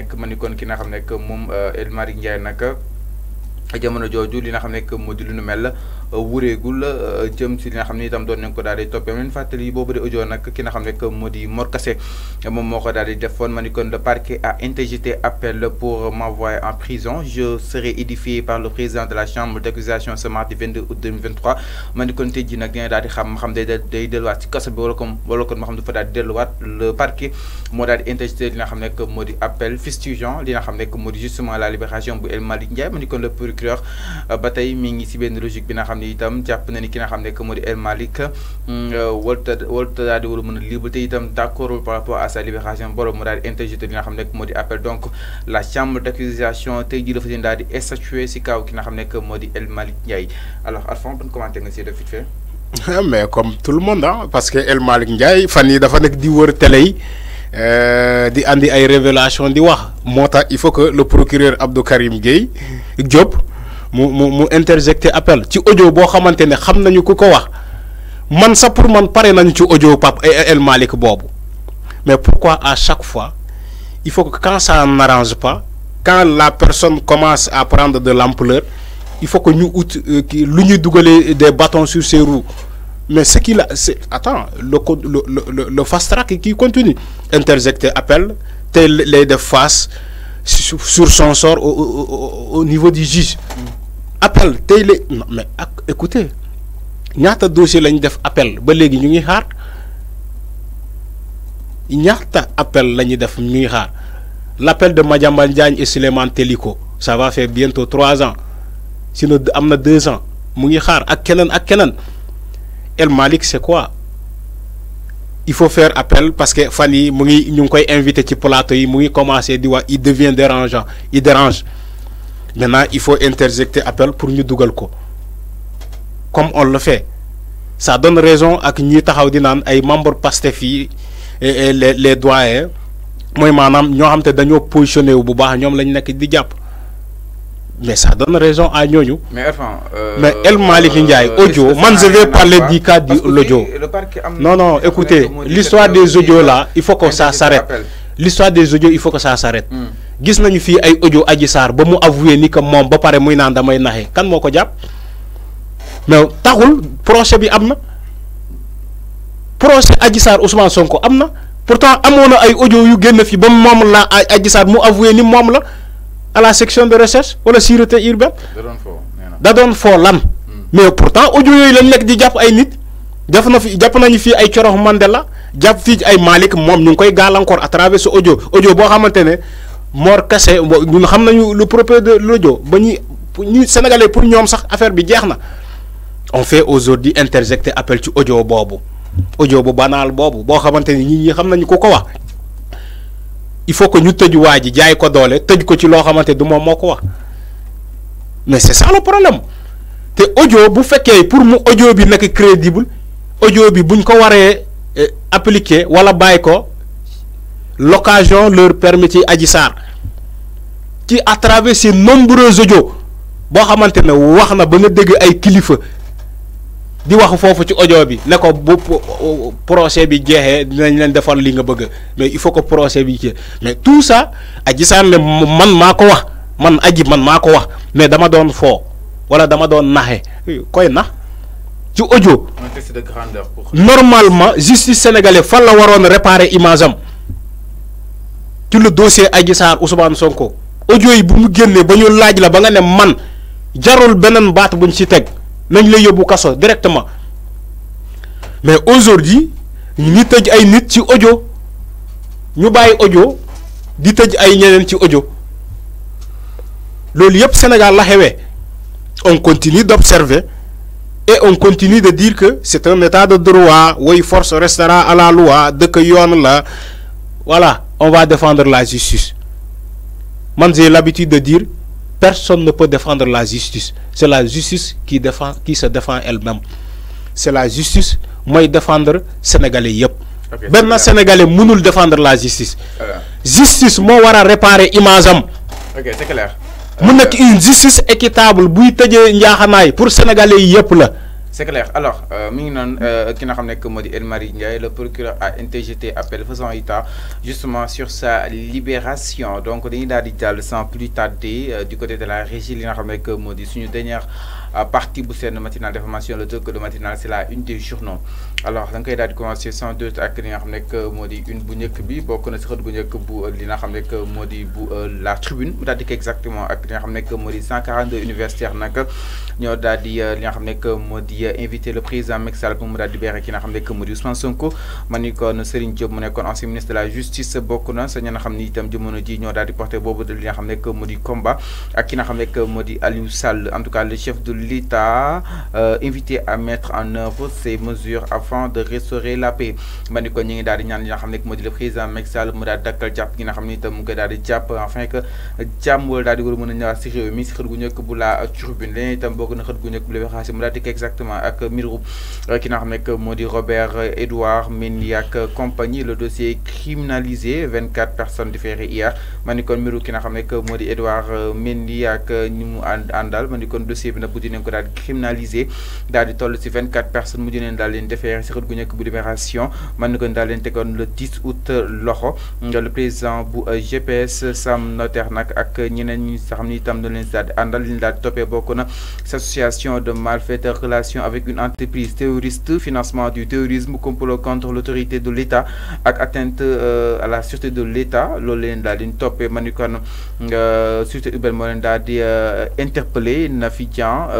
nekk ma ni kon ki na xam ne moom euh, El Malick Ndiaye nag jamono jooju li na xam ne moo di lu nu mel. wureegul euh, jëm ci li nga xamni ne itam doon nañ ko daal di toppee men fàttali boobu audio nak ki nga xam rek modi di Mor Kassé moom moo ko daal di kon le parquet a interjeté appel pour m'envoyer en prison je serai édifié par le président de la chambre d'accusation ce mardi 22 août 2023 ma ni kon tey jii dina daal xam xam day day delluwaat ci kaso bi wala kon wala kon ma xam dafa daal di delluwaat le parquet moo daal di li nga xam nekk moo appel fustigeant li nga xam nekk moo justement la libération bu El malik ndjay ma kon le procureur batay mi ngi ci ben logique bi nga xam xam ne itam jàpp na ni ki nga xam ne que El malik mm, euh, walta walta daal di war a mën itam d'accordul par rapport à sa libération borom mu daal di interjeté li nga xam ne que appel donc la chambre d'accusation tay ji dafa seen daal di statuer ci kaw ki nga xam ne que El malik ñay alors Alphonse ben commenter nga si def fait ah, mais comme tout le monde ah parce que El malik ñay fan yi dafa nek di wër télé yi euh, di andi ay révélation di wax moo tax il faut que le procureur Abdou Karim Gueye Diop mu mu interjecté appel ci audio bo xamantene ne xam nañu ku ko wax man sa pour man paré nañu ci audio Pape El malik bob mais pourquoi à chaque fois il faut que quand ça n'arrange pas quand la personne commence à prendre de l'ampleur il faut que nous out euh, lu dougalé des bâtons sur ses roues mais ce qu'il a c'est attends le le le le fast track qui continue interjecté appel tel les de face sur son sort au, niveau du juge appel télé non mais écoutez ñaata dossier lañ def appel ba légui ñu ngi xaar ñaata appel la def ñu xaar l'appel de Madiambal et Suleiman Telico. ça va faire bientôt trois ans sinon nous a deux ans mu ngi xaar ak keneen ak keneen El Malik, c'est quoi il faut faire appel parce que fanny il mu ngi ñu invité ci plateau yi mu ngi commencé di il devient dérangeant il dérange maintenant il faut interjecter appel pour ñu dougal ko comme on le fait ça donne raison à ce taxaw di avons ay membres Pastef yi les les doyens moi maanaam ñoo xam te dañoo positionné wu bu baax mais ça donne raison à ñooñu. mais enfin euh, mais El dit euh, Ndiaye audio man je vais parler du cas de l'audio non non écoutez l'histoire des audios là il faut que ça s'arrête l'histoire des audios il faut que ça s'arrête hmm gis nañu fii ay audio aji sar ba mu avoué ni que moom ba paré muy naan damay naxe kan moko japp mais taxul procès bi amna na aji sar Ousmane Sonko amna pourtant amono ay audio yu génn fi ba mom la aji sar mu avouer ni mom la à la section de recherche wala sûreté urbaine. da doon foo da lan. Hmm. mais pourtant audio yoy lañ nekk di japp ay nit def na fi japp nañu fi ay Corox Mandela japp fi ay Malik mom ñu ngi koy encore à travers ce audio audio bo xamantene Mor Kassé ñun xam nañu le propos de l'audio ba ñi ñu sénégalais pour ñoom sax affaire bi jeex na on fait aujourd'hui interjecter appel ci audio boobu audio bu banal boobu boo xamante ni ñi xam nañu ku ko wax il faut que ñu tëj waaji jaay ko doole tëj ko ci loo xamante du moom moo ko wax mais c'est ça le problème te audio bu fekkee pour mu audio bi nekk crédible audio bi buñ ko waree eh, appliquer wala bàyyi ko l'occasion leur permet ci Adji Sarr ci à travers ces nombreux audios bo xamante ne wax na ba nga dégg ay kilifa di wax fofu ci audio bi ne ko bu procès bi jeexee dinañ leen defal li nga bëgg mais il faut que procès bi jeex mais tout ça Adji Sarr ne man mako wax man aji man mako wax mais dama doon foo wala dama doon naxe koy nax ci audio. normalement justice sénégalais fan la waroon réparer image am ci le dossier Adji Sarr Ousmane Sonko audio yi bu mu génnee ba ñu laaj la ba nga ne man jarul beneen baat buñ ci teg nañ la yóbbu kaso directement mais aujourd'hui ñu tëj ay nit ci audio ñu bàyyi audio di tëj ay ñeneen ci audio loolu yëpp Sénégal la xewee on continue d'observer et on continue de dire que c'est un état de droit woy force restera à la loi dëkk yoon la voilà on va défendre la justice. Moi, j'ai l'habitude de dire, personne ne peut défendre la justice. C'est la justice qui, défend, qui se défend elle-même. C'est la justice qui défendre Sénégalais. Yep. Okay, Sénégalais ne défendre la justice. La justice, moi, wara réparer l'image. Ok, c'est clair. Euh, une justice équitable, pour les Sénégalais. Yep, c'est clair. Alors, euh, euh El Marie Ndiaye, le procureur a interjeté appel faisant état justement sur sa libération. Donc, on est sans plus tarder euh, du côté de la régie, que Modi, une dernière à partie bu seen matinale d'information le truc de matinale c'est la une des journaux alors da nga koy daal di commencer sans doute ak li nga xam nekk moo une bu njëkk bi bokk na si xët bu njëkk bu li nga xam nekk moo bu euh, la tribune mu daal dit exactement ak li nga xam nekk moo 142 universitaires nag ñoo daal di euh, li nga xam que Modi di euh, invité le président Macky Sall pour mu daal di beere ki nga xam nekk moo Ousmane Sonko man ni kon Serigne Diop mu nekkoon ancien ministre de la justice bokk na sa ñi nga xam ni itam jamono ji ñoo daal di porté boobu li nga xam nekk moo combat ak ki nga xam que Modi Aliou Sall en tout cas le chef de l'État euh, invité à mettre en œuvre ces mesures afin de restaurer la paix ma ni ko ñu ngi ñaan li nga xamné ne modi le président Maxal Sall dakkal gi nga xamné ne itam di afin que jàmm wala daal di war a mën a ñëwaat réew mi si xët gu bu la turbine leneen itam bokk na xët gu njëkk bu le waxaasi ci daal di exactement ak Mirou euh, ki nga xamné que modi Robert euh, Edouard Mendiak compagnie le dossier criminalisé 24 personnes différées hier ma ni kon ki nga xamné ne modi Edouard euh, Mendy ak ñi mu àndal dossier bi na bu di criminalisé daal 24 personnes mujj neen dal leen defeere si gu ñëkk bu libération mën ko le 10 août loxo le président bu euh, GPS Sam Notaire nak ak ñeneen ñi nga ni itam dañ leen dal daal di association de malfaiteurs relation avec une entreprise terroriste financement du terrorisme complot contre l'autorité de l'État ak atteinte euh, à la sûreté de l'État l'olinda leen daal di topé man ko euh sûreté urbaine mo leen dal di euh, interpellé Nafidian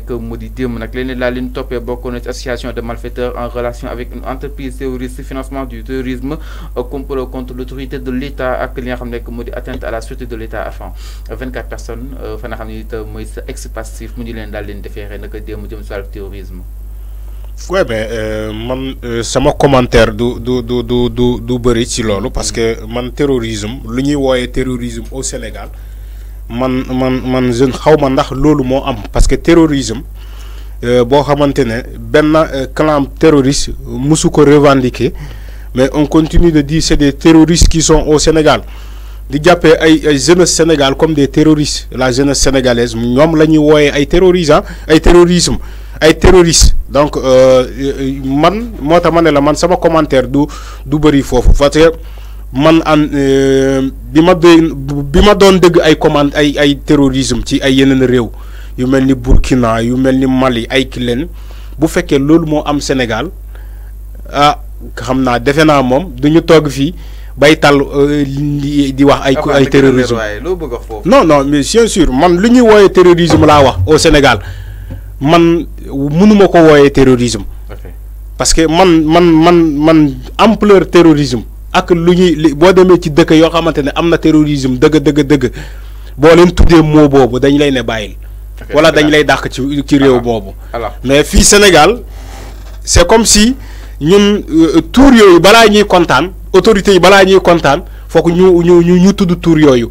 mais mu di démb nag la ligne top et beaucoup association de malfaiteurs en relation avec une entreprise terroriste financement du terrorisme complot contre l'autorité de l'État ak li nga xam que atteinte à la sûreté de l'État afin 24 personnes euh, fa nga xam ex-passif mu ñu leen daal leen defeere naka démb terrorisme Ouais, ben, euh, man, euh, commentaire du, du, du, du, du, du parce mm. que mon terrorisme, l'union terrorisme au Sénégal, man man man je xaw ndax am parce que terrorisme euh bo ne quand euh, clan terroriste musuko revendiquer mais on continue de dire c'est des terroristes qui sont au Sénégal di jappé ay jeunes jeunesse Sénégal comme des terroristes la jeunesse sénégalaise ñom lañuy woyé ay terrorisant hein, ay terrorisme ay terroristes donc euh, euh, man mota mané la man sama commentaire du du bëri fofu parce que man an bima bima don bi ay commande ay ay terrorisme ci ay yeneen rew yu melni Burkina yu melni Mali ay ki leen bu fekke lolou mo am Sénégal ah xamna naa mom duñu moom fi ñu bay tal euh, di wax ay ay terrorisme non non mais bien sûr man lu woyé terrorisme la wax au Sénégal man mënuma ko woyé terrorisme parce que man man man man ampleur terrorisme ak lu ñuy boo demee ci dëkk yoo xamante ne am na terrorisme dëgg dëgg dëgg boo leen tuddee moo boobu dañu lay ne bàyyil wala dañ lay dàq ci ci réew boobu mais fii Sénégal c'est comme si ñun euh, tuur yooyu balaa ñuy kontaan autorités yi balaa ñuy kontaan foog ñu ñu ñu ñu tudd tuur yooyu